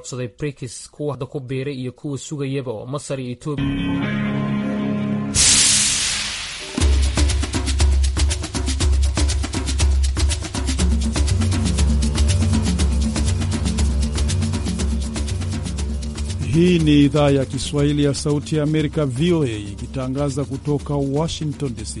absaday Brikis kuwa hadda ku biiray iyo kuwa sugayaba oo Masar iyo Etoobiya Hii ni idhaa ya Kiswahili ya Sauti ya Amerika, VOA, ikitangaza kutoka Washington DC.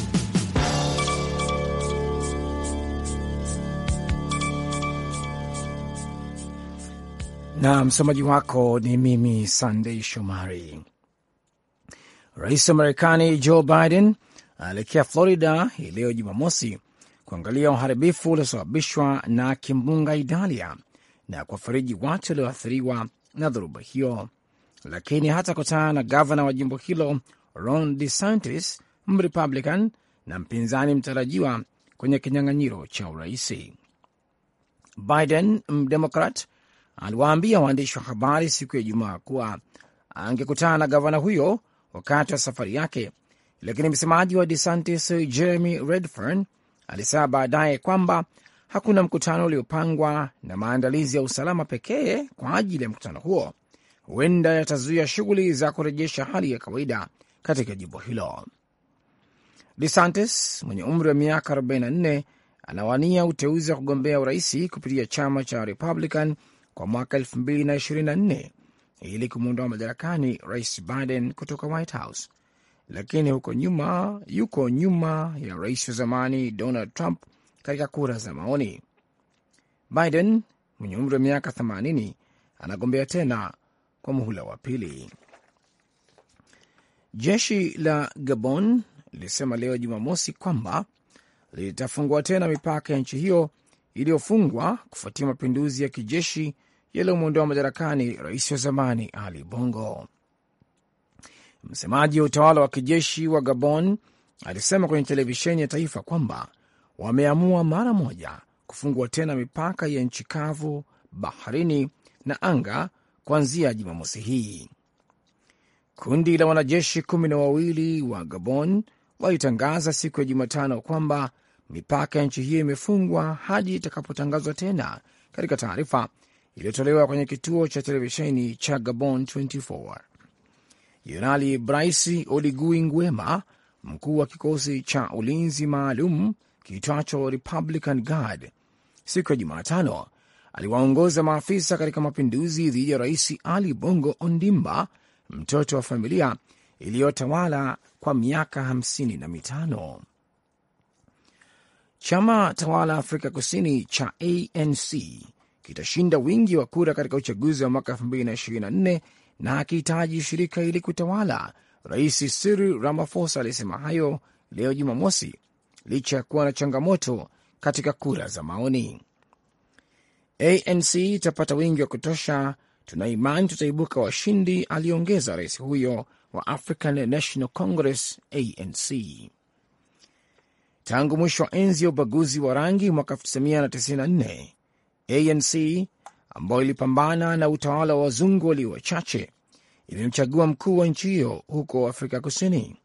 na msomaji wako ni mimi Sandei Shomari. Rais wa Marekani Joe Biden anaelekea Florida hii leo Jumamosi kuangalia uharibifu uliosababishwa na kimbunga Idalia na kuwafariji watu walioathiriwa na dhoruba hiyo, lakini hata kutana na gavana wa jimbo hilo Ron DeSantis, Mrepublican na mpinzani mtarajiwa kwenye kinyang'anyiro cha uraisi. Biden Mdemokrat aliwaambia waandishi wa habari siku ya Ijumaa kuwa angekutana na gavana huyo wakati wa safari yake, lakini msemaji wa DeSantis Jeremy Redfern alisema baadaye kwamba hakuna mkutano uliopangwa na maandalizi ya usalama pekee kwa ajili ya mkutano huo huenda yatazuia shughuli za kurejesha hali ya kawaida katika jimbo hilo. DeSantis mwenye umri wa miaka 44 anawania uteuzi wa kugombea uraisi kupitia chama cha Republican kwa mwaka 2024 ili kumwondoa madarakani Rais Biden kutoka White House, lakini huko nyuma, yuko nyuma ya rais wa zamani Donald Trump katika kura za maoni. Biden mwenye umri wa miaka 80 anagombea tena kwa muhula wa pili. Jeshi la Gabon lilisema leo Jumamosi kwamba litafungua tena mipaka ya nchi hiyo iliyofungwa kufuatia mapinduzi ya kijeshi yaliyomwondoa madarakani rais wa zamani Ali Bongo. Msemaji wa utawala wa kijeshi wa Gabon alisema kwenye televisheni ya taifa kwamba wameamua mara moja kufungua tena mipaka ya nchi kavu, baharini na anga kuanzia Jumamosi hii. Kundi la wanajeshi kumi na wawili wa Gabon walitangaza siku ya Jumatano kwamba mipaka ya nchi hiyo imefungwa hadi itakapotangazwa tena, katika taarifa iliyotolewa kwenye kituo cha televisheni cha Gabon 24. Jenerali Brice Oligui Nguema, mkuu wa kikosi cha ulinzi maalum kiitwacho Republican Guard, siku ya Jumatano aliwaongoza maafisa katika mapinduzi dhidi ya Rais Ali Bongo Ondimba, mtoto wa familia iliyotawala kwa miaka hamsini na mitano. Chama tawala Afrika Kusini cha ANC kitashinda wingi wa kura katika uchaguzi wa mwaka 2024 na akihitaji ushirika ili kutawala. Rais Cyril Ramaphosa alisema hayo leo Jumamosi, licha ya kuwa na changamoto katika kura za maoni. ANC itapata wingi wa kutosha, tuna imani tutaibuka washindi, aliongeza rais huyo wa African National Congress, ANC. Tangu mwisho wa enzi ya ubaguzi wa rangi mwaka 1994 ANC ambayo ilipambana na utawala wa wazungu walio wachache imemchagua mkuu wa nchi hiyo huko Afrika Kusini.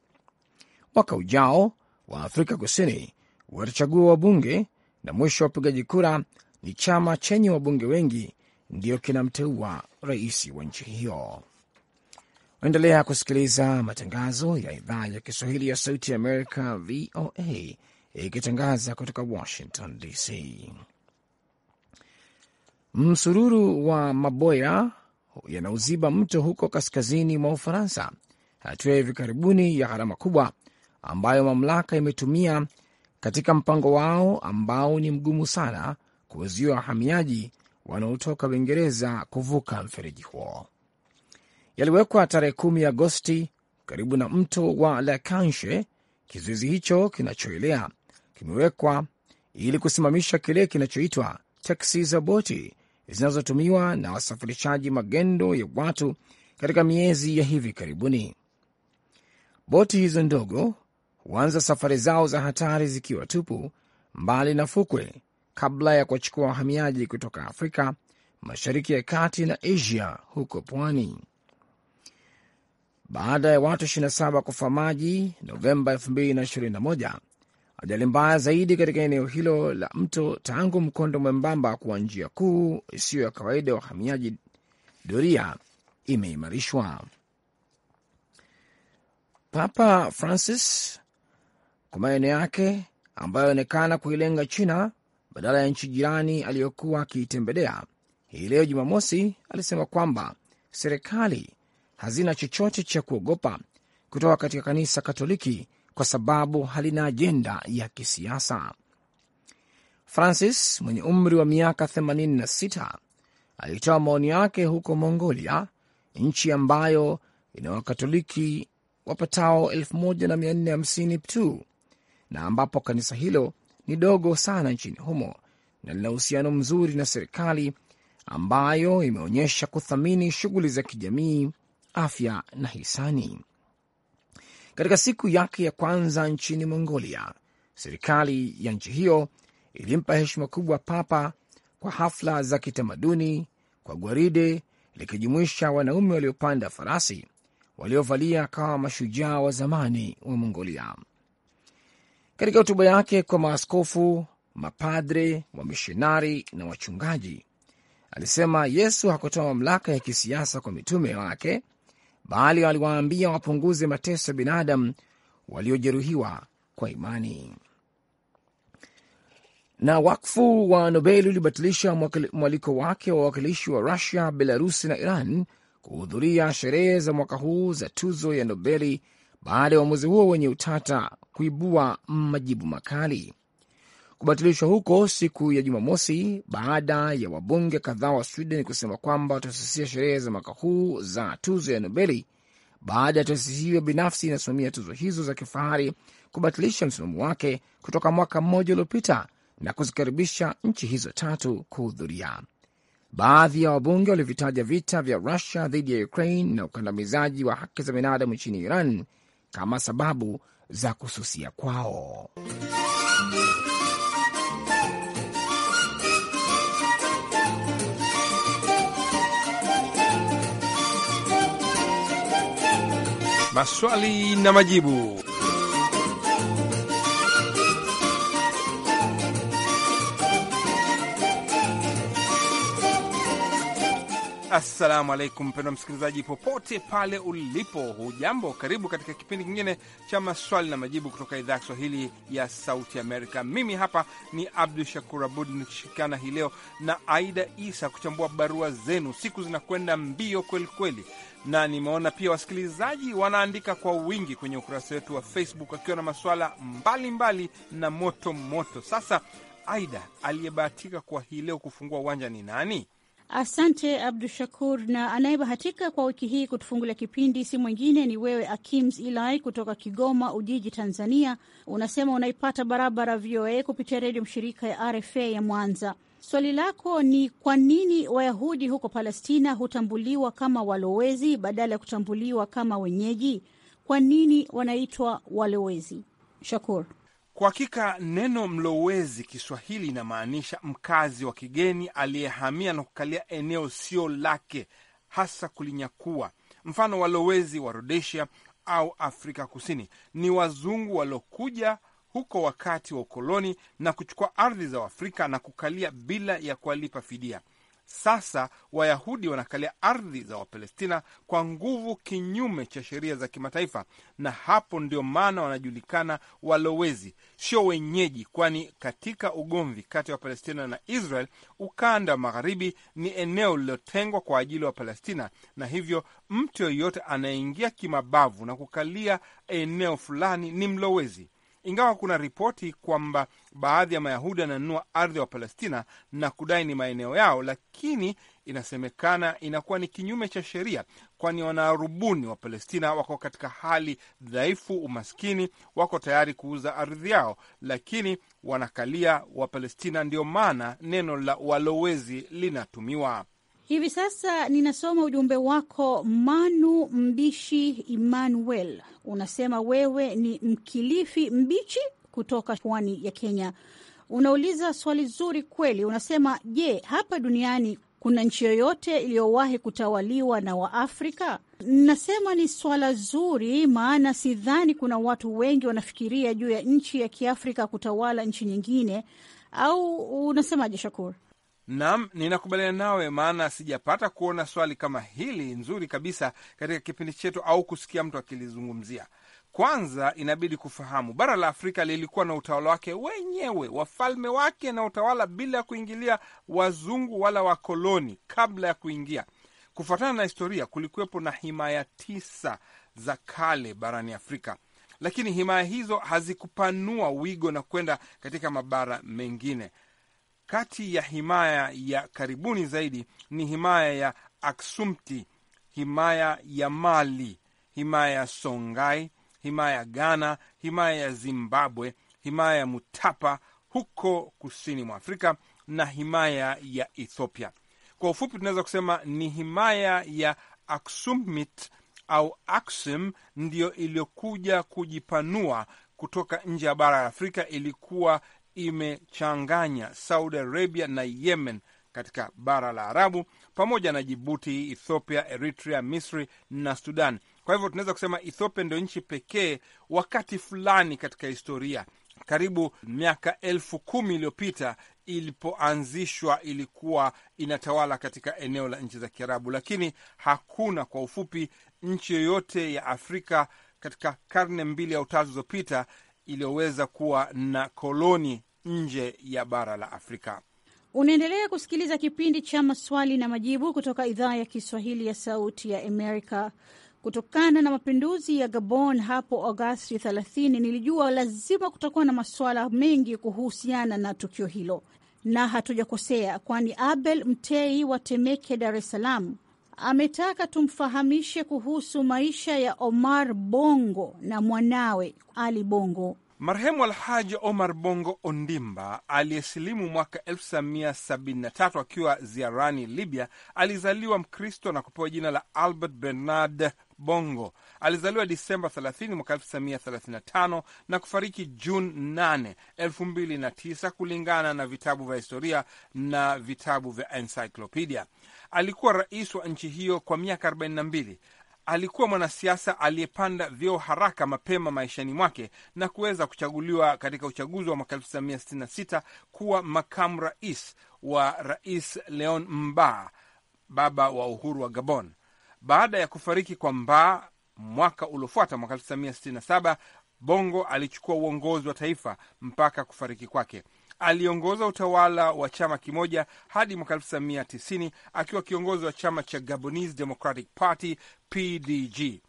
Mwaka ujao wa Afrika Kusini watachagua wabunge na mwisho wa upigaji kura ni chama chenye wabunge wengi ndiyo kinamteua rais wa nchi hiyo. Naendelea kusikiliza matangazo ya idhaa ya Kiswahili ya Sauti ya Amerika, VOA, ikitangaza kutoka Washington DC. Msururu wa maboya yanauziba mto huko kaskazini mwa Ufaransa, hatua ya hivi karibuni ya gharama kubwa ambayo mamlaka imetumia katika mpango wao ambao ni mgumu sana kuwazuia wahamiaji wanaotoka Uingereza kuvuka mfereji huo. Yaliwekwa tarehe kumi Agosti karibu na mto wa La Canche. Kizuizi hicho kinachoelea kimewekwa ili kusimamisha kile kinachoitwa teksi za boti zinazotumiwa na wasafirishaji magendo ya watu katika miezi ya hivi karibuni. Boti hizo ndogo huanza safari zao za hatari zikiwa tupu mbali na fukwe, kabla ya kuwachukua wahamiaji kutoka Afrika, Mashariki ya Kati na Asia huko pwani. Baada ya watu 27 kufa maji Novemba Ajali mbaya zaidi katika eneo hilo la mto tangu mkondo mwembamba kuwa njia kuu isiyo ya kawaida ya wahamiaji. Doria imeimarishwa. Papa Francis kwa maeneo yake ambayo aonekana kuilenga China badala ya nchi jirani aliyokuwa akiitembelea, hii leo Jumamosi alisema kwamba serikali hazina chochote cha kuogopa kutoka katika kanisa Katoliki kwa sababu halina ajenda ya kisiasa. Francis mwenye umri wa miaka 86 alitoa maoni yake huko Mongolia, nchi ambayo ina Wakatoliki wapatao 1450 tu na ambapo kanisa hilo ni dogo sana nchini humo na lina uhusiano mzuri na serikali ambayo imeonyesha kuthamini shughuli za kijamii, afya na hisani. Katika siku yake ya kwanza nchini Mongolia, serikali ya nchi hiyo ilimpa heshima kubwa Papa kwa hafla za kitamaduni kwa gwaride likijumuisha wanaume waliopanda farasi waliovalia kama mashujaa wa zamani wa Mongolia. Katika hotuba yake kwa maaskofu, mapadre, wamishonari na wachungaji, alisema Yesu hakutoa mamlaka ya kisiasa kwa mitume wake, bali waliwaambia wapunguze mateso ya binadamu waliojeruhiwa kwa imani. Na wakfu wa Nobel ulibatilisha mwaliko wake wa wawakilishi wa Rusia, Belarusi na Iran kuhudhuria sherehe za mwaka huu za tuzo ya Nobeli baada ya uamuzi huo wenye utata kuibua majibu makali kubatilishwa huko siku ya Jumamosi baada ya wabunge kadhaa wa Sweden kusema kwamba watasusia sherehe za mwaka huu za tuzo ya Nobeli baada ya taasisi hiyo binafsi inasimamia tuzo hizo za kifahari kubatilisha msimamo wake kutoka mwaka mmoja uliopita na kuzikaribisha nchi hizo tatu kuhudhuria. Baadhi ya wabunge walivitaja vita vya Rusia dhidi ya Ukraine na ukandamizaji wa haki za binadamu nchini Iran kama sababu za kususia kwao. maswali na majibu. Assalamu alaikum, mpendwa msikilizaji, popote pale ulipo, hujambo? Karibu katika kipindi kingine cha maswali na majibu kutoka idhaa ya Kiswahili ya Sauti Amerika. Mimi hapa ni Abdu Shakur Abud nikishirikiana hii leo na Aida Isa kuchambua barua zenu. Siku zinakwenda mbio kwelikweli kweli na nimeona pia wasikilizaji wanaandika kwa wingi kwenye ukurasa wetu wa Facebook wakiwa na masuala mbalimbali na moto moto. Sasa Aida, aliyebahatika kwa hii leo kufungua uwanja ni nani? Asante Abdu Shakur. Na anayebahatika kwa wiki hii kutufungulia kipindi si mwingine ni wewe Akims Ilai kutoka Kigoma Ujiji, Tanzania. Unasema unaipata barabara VOA kupitia redio mshirika ya RFA ya Mwanza. Swali lako ni kwa nini Wayahudi huko Palestina hutambuliwa kama walowezi badala ya kutambuliwa kama wenyeji? Kwa nini wanaitwa walowezi? Shakur: kwa hakika neno mlowezi Kiswahili inamaanisha mkazi wa kigeni aliyehamia na kukalia eneo sio lake, hasa kulinyakua. Mfano, walowezi wa Rhodesia au Afrika Kusini ni wazungu waliokuja huko wakati wa ukoloni na kuchukua ardhi za Waafrika na kukalia bila ya kuwalipa fidia. Sasa Wayahudi wanakalia ardhi za Wapalestina kwa nguvu, kinyume cha sheria za kimataifa, na hapo ndio maana wanajulikana walowezi, sio wenyeji, kwani katika ugomvi kati ya wa Wapalestina na Israel, ukanda wa magharibi ni eneo lililotengwa kwa ajili ya wa Wapalestina, na hivyo mtu yoyote anayeingia kimabavu na kukalia eneo fulani ni mlowezi ingawa kuna ripoti kwamba baadhi ya Mayahudi yananunua ardhi wa Palestina na kudai ni maeneo yao, lakini inasemekana inakuwa ni kinyume cha sheria, kwani wanarubuni wa Palestina wako katika hali dhaifu, umaskini, wako tayari kuuza ardhi yao, lakini wanakalia wa Palestina. ndio maana neno la walowezi linatumiwa. Hivi sasa ninasoma ujumbe wako Manu Mbishi Emmanuel, unasema wewe ni mkilifi mbichi kutoka pwani ya Kenya. Unauliza swali zuri kweli. Unasema, je, hapa duniani kuna nchi yoyote iliyowahi kutawaliwa na Waafrika? Nasema ni swala zuri, maana sidhani kuna watu wengi wanafikiria juu ya nchi ya Kiafrika kutawala nchi nyingine, au unasemaje, Shakur? Naam, ninakubaliana nawe, maana sijapata kuona swali kama hili nzuri kabisa katika kipindi chetu au kusikia mtu akilizungumzia. Kwanza inabidi kufahamu bara la Afrika lilikuwa na utawala wake wenyewe, wafalme wake na utawala bila ya kuingilia wazungu wala wakoloni kabla ya kuingia. Kufuatana na historia, kulikuwepo na himaya tisa za kale barani Afrika, lakini himaya hizo hazikupanua wigo na kwenda katika mabara mengine. Kati ya himaya ya karibuni zaidi ni himaya ya Aksumti, himaya ya Mali, himaya ya Songai, himaya ya Ghana, himaya ya Zimbabwe, himaya ya Mutapa huko kusini mwa Afrika na himaya ya Ethiopia. Kwa ufupi, tunaweza kusema ni himaya ya Aksumit au Aksum ndiyo iliyokuja kujipanua kutoka nje ya bara la Afrika. Ilikuwa imechanganya Saudi Arabia na Yemen katika bara la Arabu pamoja na Jibuti, Ethiopia, Eritrea, Misri na Sudan. Kwa hivyo tunaweza kusema Ethiopia ndio nchi pekee wakati fulani katika historia karibu miaka elfu kumi iliyopita ilipoanzishwa ilikuwa inatawala katika eneo la nchi za Kiarabu, lakini hakuna kwa ufupi nchi yoyote ya Afrika katika karne mbili au tatu zilizopita iliyoweza kuwa na koloni nje ya bara la Afrika. Unaendelea kusikiliza kipindi cha maswali na majibu kutoka idhaa ya Kiswahili ya Sauti ya Amerika. Kutokana na mapinduzi ya Gabon hapo Agasti 30, nilijua lazima kutakuwa na masuala mengi kuhusiana na tukio hilo, na hatujakosea, kwani Abel Mtei wa Temeke, Dar es Salaam, ametaka tumfahamishe kuhusu maisha ya Omar Bongo na mwanawe Ali Bongo. Marehemu Alhaji Omar Bongo Ondimba aliyesilimu mwaka 1973 akiwa ziarani Libya. Alizaliwa Mkristo na kupewa jina la Albert Bernard Bongo. Alizaliwa Disemba 30 mwaka 1935 na kufariki Juni 8, 2009 kulingana na vitabu vya historia na vitabu vya encyclopedia. Alikuwa rais wa nchi hiyo kwa miaka 42 alikuwa mwanasiasa aliyepanda vyeo haraka mapema maishani mwake na kuweza kuchaguliwa katika uchaguzi wa mwaka 1966 kuwa makamu rais wa Rais Leon Mba, baba wa uhuru wa Gabon. Baada ya kufariki kwa Mba mwaka uliofuata, mwaka 1967, Bongo alichukua uongozi wa taifa mpaka kufariki kwake. Aliongoza utawala wa chama kimoja hadi mwaka 1990 akiwa kiongozi wa chama cha Gabonese Democratic Party PDG.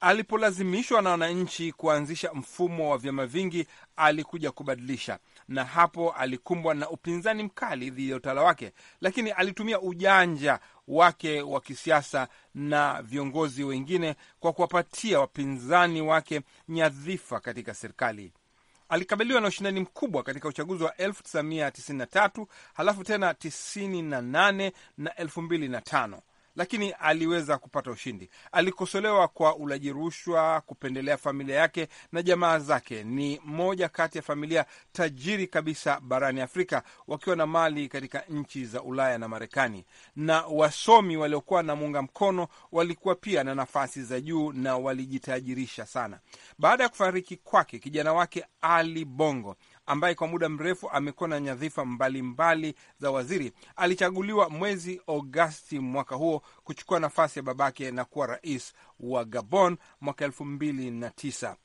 Alipolazimishwa na wananchi kuanzisha mfumo wa vyama vingi, alikuja kubadilisha, na hapo alikumbwa na upinzani mkali dhidi ya utawala wake, lakini alitumia ujanja wake wa kisiasa na viongozi wengine kwa kuwapatia wapinzani wake nyadhifa katika serikali. Alikabiliwa na ushindani mkubwa katika uchaguzi wa 1993 halafu tena 98 na 2005 lakini aliweza kupata ushindi. Alikosolewa kwa ulaji rushwa, kupendelea familia yake na jamaa zake. Ni moja kati ya familia tajiri kabisa barani Afrika, wakiwa na mali katika nchi za Ulaya na Marekani. Na wasomi waliokuwa na muunga mkono walikuwa pia na nafasi za juu na walijitajirisha sana. Baada ya kufariki kwake, kijana wake Ali Bongo ambaye kwa muda mrefu amekuwa na nyadhifa mbalimbali mbali za waziri, alichaguliwa mwezi Agosti mwaka huo kuchukua nafasi ya babake na kuwa rais wa Gabon mwaka elfu mbili na tisa.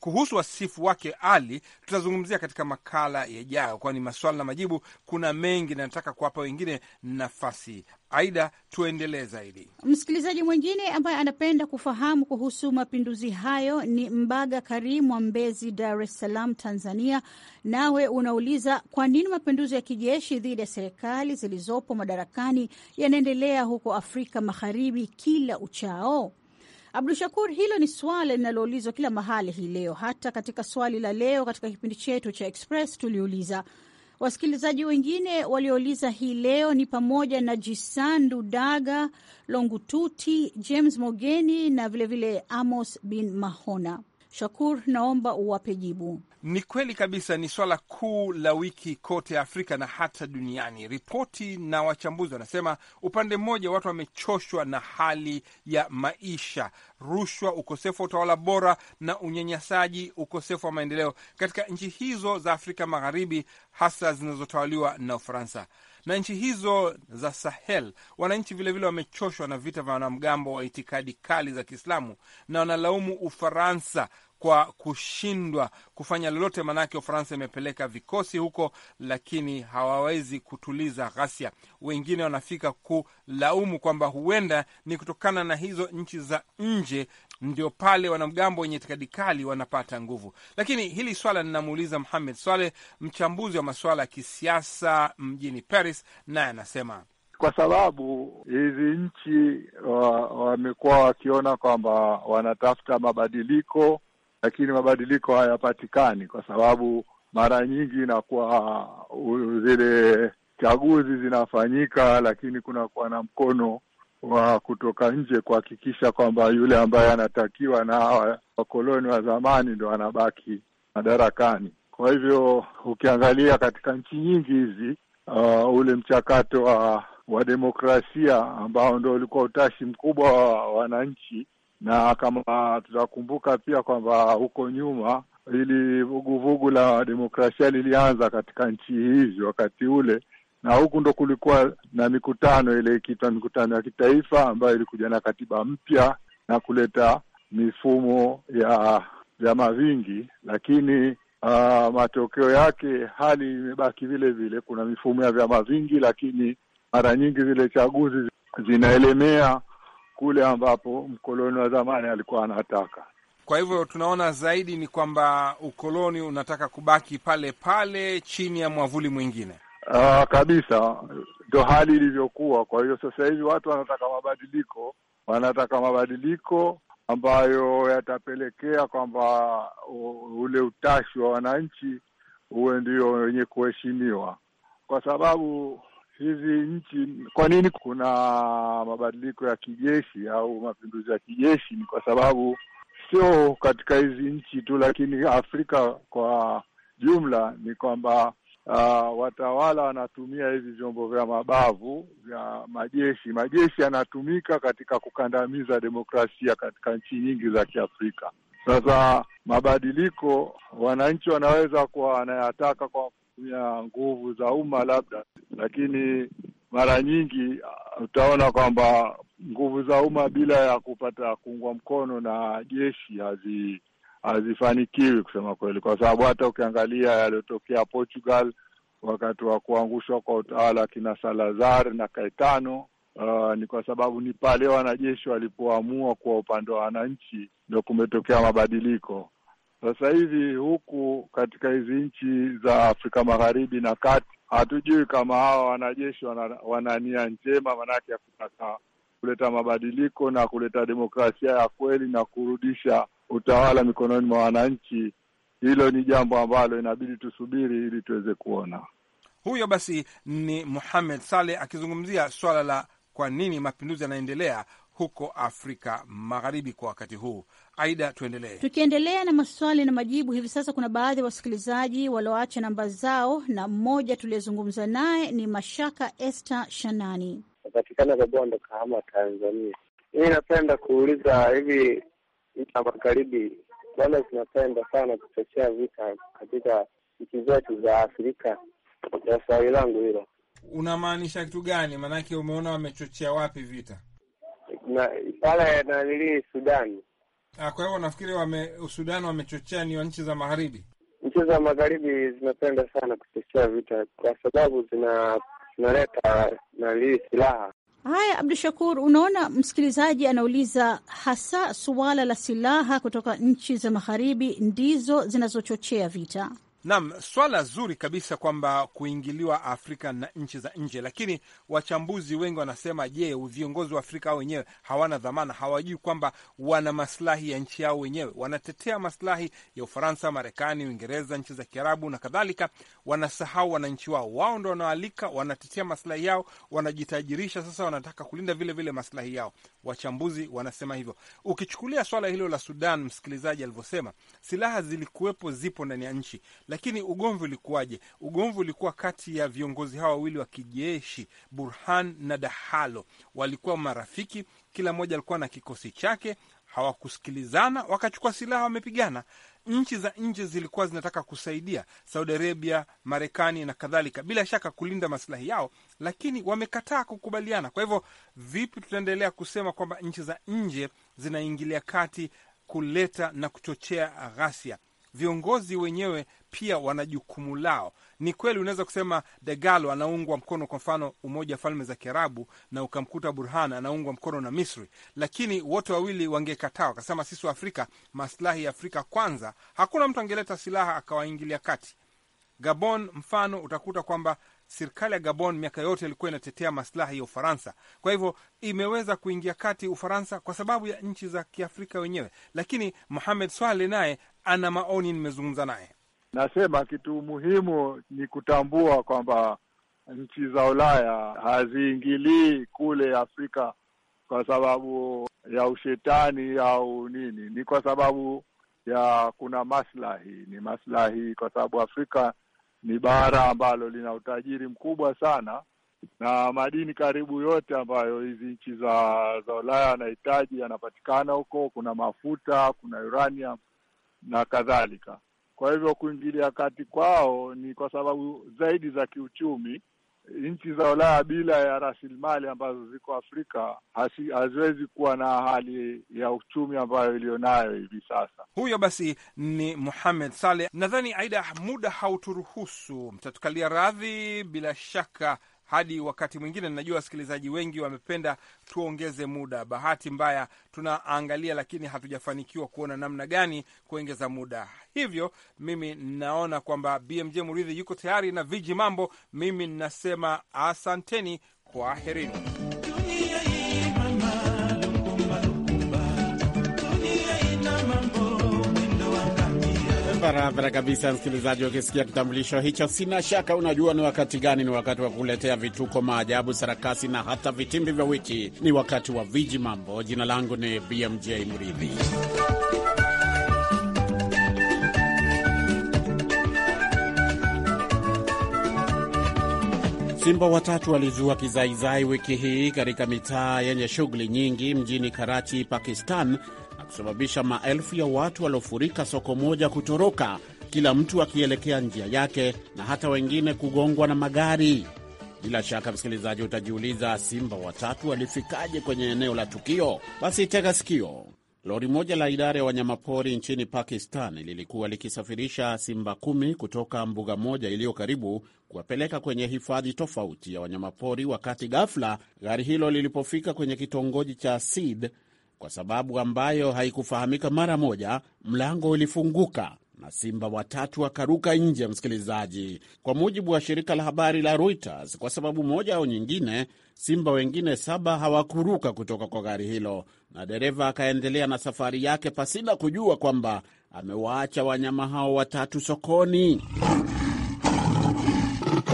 Kuhusu wasifu wake Ali tutazungumzia katika makala yajayo, kwani maswala na majibu kuna mengi na nataka kuwapa wengine nafasi. Aida, tuendelee zaidi. Msikilizaji mwingine ambaye anapenda kufahamu kuhusu mapinduzi hayo ni Mbaga Karimu wa Mbezi, Dar es Salaam, Tanzania. Nawe unauliza kwa nini mapinduzi ya kijeshi dhidi ya serikali zilizopo madarakani yanaendelea huko Afrika Magharibi kila uchao? Abdu Shakur, hilo ni swala linaloulizwa kila mahali hii leo. Hata katika swali la leo katika kipindi chetu cha Express tuliuliza wasikilizaji wengine waliouliza hii leo ni pamoja na Jisandu Daga Longututi, James Mogeni na vilevile vile Amos bin Mahona. Shakur, naomba uwape jibu. Ni kweli kabisa, ni swala kuu la wiki kote Afrika na hata duniani. Ripoti na wachambuzi wanasema upande mmoja watu wamechoshwa na hali ya maisha, rushwa, ukosefu wa utawala bora na unyanyasaji, ukosefu wa maendeleo katika nchi hizo za Afrika Magharibi, hasa zinazotawaliwa na Ufaransa na nchi hizo za Sahel. Wananchi vilevile wamechoshwa na vita vya wanamgambo wa itikadi kali za Kiislamu na wanalaumu Ufaransa kwa kushindwa kufanya lolote, maanake Ufaransa imepeleka vikosi huko, lakini hawawezi kutuliza ghasia. Wengine wanafika kulaumu kwamba huenda ni kutokana na hizo nchi za nje ndio pale wanamgambo wenye itikadi kali wanapata nguvu. Lakini hili swala ninamuuliza Muhamed Swaleh, mchambuzi wa masuala ya kisiasa mjini Paris, naye anasema kwa sababu hizi nchi uh, wamekuwa wa wakiona kwamba wanatafuta mabadiliko lakini mabadiliko hayapatikani kwa sababu mara nyingi inakuwa zile chaguzi zinafanyika, lakini kunakuwa na mkono wa kutoka nje kuhakikisha kwamba yule ambaye anatakiwa na hawa wakoloni wa zamani ndo anabaki madarakani. Kwa hivyo ukiangalia katika nchi nyingi hizi uh, ule mchakato wa, wa demokrasia ambao ndo ulikuwa utashi mkubwa wa wananchi na kama tutakumbuka pia kwamba huko nyuma hili vuguvugu la demokrasia lilianza katika nchi hizi wakati ule, na huku ndo kulikuwa na mikutano ile ikiitwa mikutano ya kitaifa ambayo ilikuja na katiba mpya na kuleta mifumo ya vyama vingi, lakini uh, matokeo yake hali imebaki vile vile. Kuna mifumo ya vyama vingi, lakini mara nyingi zile chaguzi zinaelemea kule ambapo mkoloni wa zamani alikuwa anataka. Kwa hivyo tunaona zaidi ni kwamba ukoloni unataka kubaki pale pale chini ya mwavuli mwingine. Uh, kabisa ndo hali ilivyokuwa. Kwa hiyo sasa hivi watu wanataka mabadiliko, wanataka mabadiliko ambayo yatapelekea kwamba ule utashi wa wananchi uwe ndio wenye kuheshimiwa, kwa sababu hizi nchi. Kwa nini kuna mabadiliko ya kijeshi au mapinduzi ya kijeshi? Ni kwa sababu sio katika hizi nchi tu, lakini Afrika kwa jumla, ni kwamba uh, watawala wanatumia hivi vyombo vya mabavu vya majeshi. Majeshi yanatumika katika kukandamiza demokrasia katika nchi nyingi za Kiafrika. Sasa mabadiliko wananchi wanaweza kuwa wanayataka kwa kutumia nguvu za umma labda, lakini mara nyingi ah, utaona kwamba nguvu za umma bila ya kupata kuungwa mkono na jeshi hazi hazifanikiwi kusema kweli, kwa sababu hata ukiangalia yaliyotokea Portugal wakati wa kuangushwa kwa utawala kina Salazar na Caetano, uh, ni kwa sababu ni pale wanajeshi walipoamua kuwa upande wa wananchi ndio kumetokea mabadiliko. Sasa hivi huku katika hizi nchi za Afrika Magharibi na kati, hatujui kama hawa wanajeshi wana, nia njema manake ya kutaka kuleta mabadiliko na kuleta demokrasia ya kweli na kurudisha utawala mikononi mwa wananchi. Hilo ni jambo ambalo inabidi tusubiri ili tuweze kuona. Huyo basi ni Muhamed Saleh akizungumzia swala la kwa nini mapinduzi yanaendelea huko Afrika Magharibi kwa wakati huu. Aida, tuendelee. Tukiendelea na maswali na majibu, hivi sasa kuna baadhi ya wasikilizaji walioacha namba zao, na mmoja tuliyezungumza naye ni Mashaka Esther Shanani, napatikana Kabondo, Kahama, Tanzania. Mimi napenda kuuliza hivi, nchi za magharibi bwana zinapenda sana kuchochea vita katika nchi zetu za Afrika. Ya swali langu hilo, unamaanisha kitu gani? Maanake umeona wamechochea wapi vita? Na pale nanilii Sudani Ah, kwa hivyo nafikiri wame, Sudan wamechochea ni wa nchi za magharibi. Nchi za magharibi zinapenda sana kuchochea vita kwa sababu zina zinaleta nalii silaha. Haya, Abdu Shakur, unaona msikilizaji anauliza hasa suala la silaha kutoka nchi za magharibi ndizo zinazochochea vita. Nam, swala zuri kabisa kwamba kuingiliwa Afrika na nchi za nje, lakini wachambuzi wengi wanasema, je, viongozi wa Afrika ao wenyewe hawana dhamana? Hawajui kwamba wana maslahi ya nchi yao wenyewe, wanatetea maslahi ya Ufaransa, Marekani, Uingereza, nchi za Kiarabu na kadhalika, wanasahau wananchi wao. Wao ndo wanaalika, wanatetea maslahi yao, wanajitajirisha. Sasa wanataka kulinda vilevile maslahi yao wachambuzi wanasema hivyo. Ukichukulia swala hilo la Sudan, msikilizaji alivyosema, silaha zilikuwepo, zipo ndani ya nchi, lakini ugomvi ulikuwaje? Ugomvi ulikuwa kati ya viongozi hawa wawili wa kijeshi, Burhan na Dahalo. Walikuwa marafiki, kila mmoja alikuwa na kikosi chake hawakusikilizana, wakachukua silaha, wamepigana. Nchi za nje zilikuwa zinataka kusaidia Saudi Arabia, Marekani na kadhalika, bila shaka kulinda masilahi yao, lakini wamekataa kukubaliana. Kwa hivyo, vipi tutaendelea kusema kwamba nchi za nje zinaingilia kati kuleta na kuchochea ghasia? viongozi wenyewe pia wana jukumu lao. Ni kweli unaweza kusema Dagalo anaungwa mkono kwa mfano Umoja wa Falme za Kiarabu, na ukamkuta Burhan anaungwa mkono na Misri, lakini wote wawili wangekataa, wakasema sisi wa Afrika, maslahi ya Afrika kwanza. Hakuna mtu angeleta silaha akawaingilia kati. Gabon mfano, utakuta kwamba serikali ya Gabon miaka yote ilikuwa inatetea maslahi ya Ufaransa, kwa hivyo imeweza kuingia kati Ufaransa kwa sababu ya nchi za Kiafrika wenyewe. Lakini Mohamed Swale naye ana maoni. Nimezungumza naye, nasema kitu muhimu ni kutambua kwamba nchi za Ulaya haziingilii kule Afrika kwa sababu ya ushetani au nini, ni kwa sababu ya kuna maslahi, ni maslahi, kwa sababu Afrika ni bara ambalo lina utajiri mkubwa sana na madini karibu yote ambayo hizi nchi za za Ulaya yanahitaji yanapatikana huko. Kuna mafuta, kuna uranium, na kadhalika. Kwa hivyo kuingilia kati kwao ni kwa sababu zaidi za kiuchumi. Nchi za Ulaya bila ya rasilimali ambazo ziko Afrika haziwezi kuwa na hali ya uchumi ambayo iliyo nayo hivi sasa. Huyo basi ni Muhamed Saleh. Nadhani aida, muda hauturuhusu, mtatukalia radhi bila shaka hadi wakati mwingine. Najua wasikilizaji wengi wamependa tuongeze muda. Bahati mbaya, tunaangalia lakini hatujafanikiwa kuona namna gani kuongeza muda. Hivyo mimi naona kwamba BMJ Muridhi yuko tayari na viji mambo. Mimi nasema asanteni, kwa herini barabara kabisa, msikilizaji. Ukisikia kitambulisho hicho, sina shaka unajua ni wakati gani. Ni wakati wa kuletea vituko, maajabu, sarakasi na hata vitimbi vya wiki. Ni wakati wa viji mambo. Jina langu ni BMJ Mridhi. Simba watatu walizua kizaizai wiki hii katika mitaa yenye shughuli nyingi mjini Karachi, Pakistan kusababisha maelfu ya watu waliofurika soko moja kutoroka, kila mtu akielekea njia yake na hata wengine kugongwa na magari. Bila shaka, msikilizaji, utajiuliza simba watatu walifikaje kwenye eneo la tukio? Basi tega sikio. Lori moja la idara ya wanyamapori nchini Pakistan lilikuwa likisafirisha simba kumi kutoka mbuga moja iliyo karibu kuwapeleka kwenye hifadhi tofauti ya wanyamapori, wakati ghafla gari hilo lilipofika kwenye kitongoji cha Sid kwa sababu ambayo haikufahamika mara moja, mlango ulifunguka na simba watatu wakaruka nje, msikilizaji, kwa mujibu wa shirika la habari la Reuters. Kwa sababu moja au nyingine, simba wengine saba hawakuruka kutoka kwa gari hilo, na dereva akaendelea na safari yake pasina kujua kwamba amewaacha wanyama hao watatu sokoni.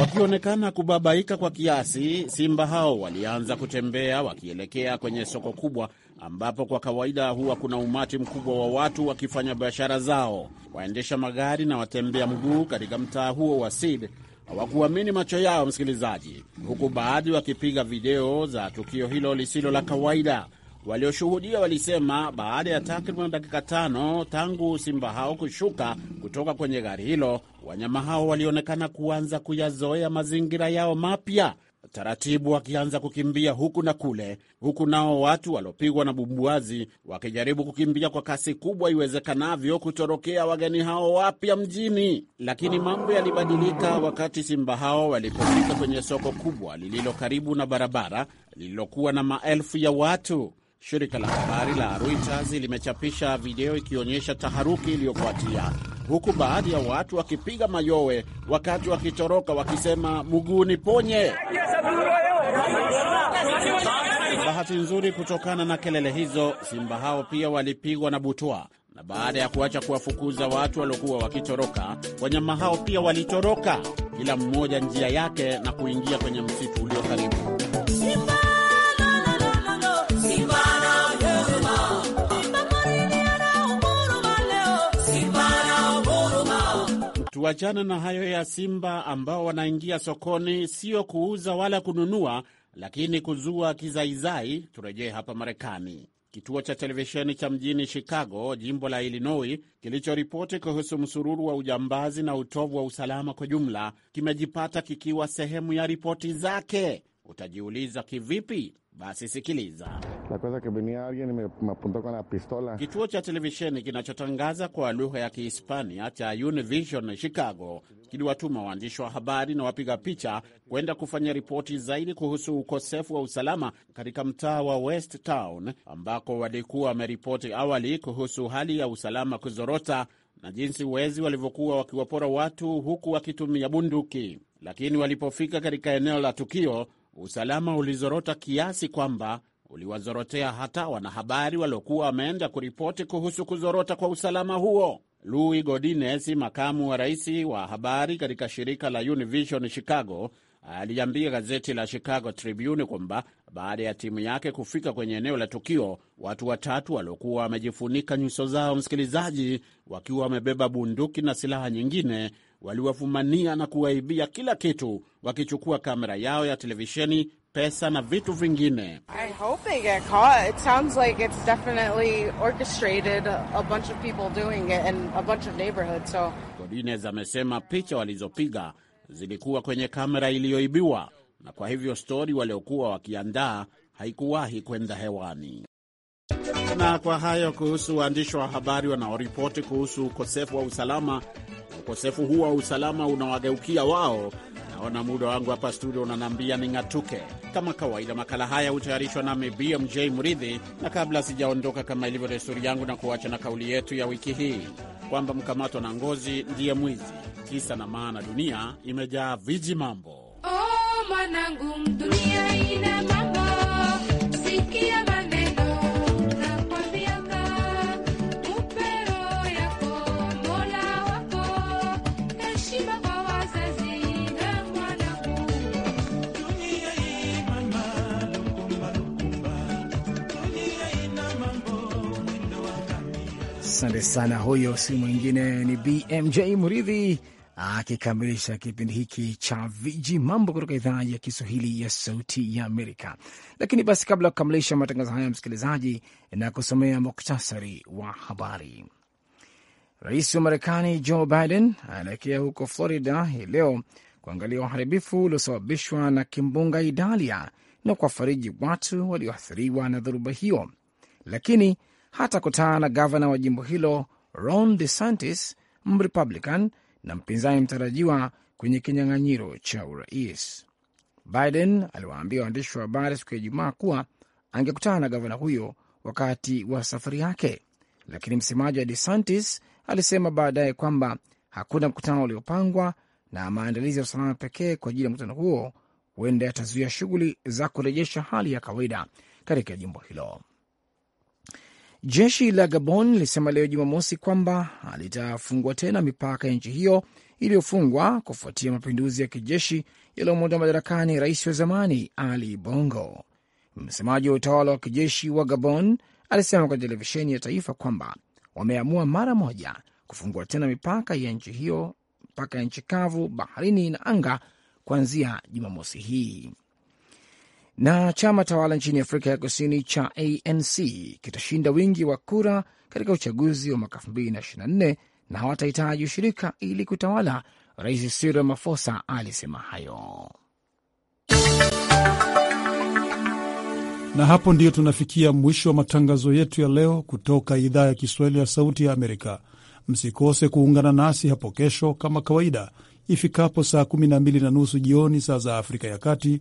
Wakionekana kubabaika kwa kiasi, simba hao walianza kutembea wakielekea kwenye soko kubwa ambapo kwa kawaida huwa kuna umati mkubwa wa watu wakifanya biashara zao. Waendesha magari na watembea mguu katika mtaa huo wa Sid hawakuamini macho yao, msikilizaji, huku baadhi wakipiga video za tukio hilo lisilo la kawaida. Walioshuhudia walisema baada ya takriban dakika tano tangu simba hao kushuka kutoka kwenye gari hilo, wanyama hao walionekana kuanza kuyazoea mazingira yao mapya taratibu wakianza kukimbia huku na kule, huku nao watu waliopigwa na bumbuazi wakijaribu kukimbia kwa kasi kubwa iwezekanavyo kutorokea wageni hao wapya mjini. Lakini mambo yalibadilika wakati simba hao walipofika kwenye soko kubwa lililo karibu na barabara lililokuwa na maelfu ya watu. Shirika la habari la Reuters limechapisha video ikionyesha taharuki iliyofuatia huku baadhi ya watu wakipiga mayowe wakati wakitoroka wakisema, mguu ponye. Bahati nzuri, kutokana na kelele hizo, simba hao pia walipigwa na butwa, na baada ya kuacha kuwafukuza watu waliokuwa wakitoroka, wanyama hao pia walitoroka, kila mmoja njia yake, na kuingia kwenye msitu ulio karibu. tuachane na hayo ya Simba ambao wanaingia sokoni sio kuuza wala kununua, lakini kuzua kizaizai. Turejee hapa Marekani. Kituo cha televisheni cha mjini Chicago, jimbo la Illinois, kilichoripoti kuhusu msururu wa ujambazi na utovu wa usalama kwa jumla kimejipata kikiwa sehemu ya ripoti zake. Utajiuliza, kivipi? Basi sikiliza. Kituo cha televisheni kinachotangaza kwa lugha ya Kihispania cha Univision Chicago kiliwatuma waandishi wa habari na wapiga picha kwenda kufanya ripoti zaidi kuhusu ukosefu wa usalama katika mtaa wa West Town ambako walikuwa wameripoti awali kuhusu hali ya usalama kuzorota na jinsi wezi walivyokuwa wakiwapora watu huku wakitumia bunduki, lakini walipofika katika eneo la tukio usalama ulizorota kiasi kwamba uliwazorotea hata wanahabari waliokuwa wameenda kuripoti kuhusu kuzorota kwa usalama huo. Louis godines makamu wa rais wa habari katika shirika la Univision Chicago, aliambia gazeti la Chicago Tribune kwamba baada ya timu yake kufika kwenye eneo la tukio, watu watatu waliokuwa wamejifunika nyuso zao, msikilizaji, wakiwa wamebeba bunduki na silaha nyingine waliwafumania na kuwaibia kila kitu, wakichukua kamera yao ya televisheni, pesa na vitu vingine. Godinez amesema picha walizopiga zilikuwa kwenye kamera iliyoibiwa, na kwa hivyo stori waliokuwa wakiandaa haikuwahi kwenda hewani. Na kwa hayo kuhusu waandishi wa habari wanaoripoti kuhusu ukosefu wa usalama Ukosefu huo wa usalama unawageukia wao. Naona muda wangu hapa studio ni ning'atuke. Kama kawaida, makala haya hutayarishwa nami BMJ Mridhi, na kabla sijaondoka, kama ilivyo desturi yangu, na kuacha na kauli yetu ya wiki hii kwamba mkamatwa na ngozi ndiye mwizi. Kisa na maana, dunia imejaa viji mambo. Oh, mwanangu, dunia ina mambo Asante sana. Huyo si mwingine ni BMJ Muridhi akikamilisha kipindi hiki cha viji mambo kutoka idhaa ya Kiswahili ya Sauti ya Amerika. Lakini basi, kabla ya kukamilisha matangazo haya, msikilizaji, na kusomea muktasari wa habari. Rais wa Marekani Joe Biden anaelekea huko Florida hii leo kuangalia uharibifu uliosababishwa na kimbunga Idalia na kuwafariji watu walioathiriwa na dhoruba hiyo, lakini hata kutana na gavana wa jimbo hilo Ron DeSantis, Mrepublican na mpinzani mtarajiwa kwenye kinyang'anyiro cha urais. Biden aliwaambia waandishi wa habari siku ya Ijumaa kuwa angekutana na gavana huyo wakati wa safari yake, lakini msemaji wa DeSantis alisema baadaye kwamba hakuna mkutano uliopangwa na maandalizi ya usalama pekee kwa ajili ya mkutano huo huenda yatazuia shughuli za kurejesha hali ya kawaida katika jimbo hilo. Jeshi la Gabon lilisema leo Jumamosi kwamba litafungua tena mipaka ya nchi hiyo iliyofungwa kufuatia mapinduzi ya kijeshi yaliyomwondoa madarakani rais wa zamani Ali Bongo. Msemaji wa utawala wa kijeshi wa Gabon alisema kwenye televisheni ya taifa kwamba wameamua mara moja kufungua tena mipaka ya nchi hiyo, mipaka ya nchi kavu, baharini na anga kuanzia Jumamosi hii na chama tawala nchini Afrika ya Kusini cha ANC kitashinda wingi wa kura katika uchaguzi wa mwaka 2024 na hawatahitaji ushirika ili kutawala. Rais Cyril Ramaphosa alisema hayo. Na hapo ndiyo tunafikia mwisho wa matangazo yetu ya leo kutoka idhaa ya Kiswahili ya Sauti ya Amerika. Msikose kuungana nasi hapo kesho kama kawaida ifikapo saa 12 na nusu jioni saa za Afrika ya Kati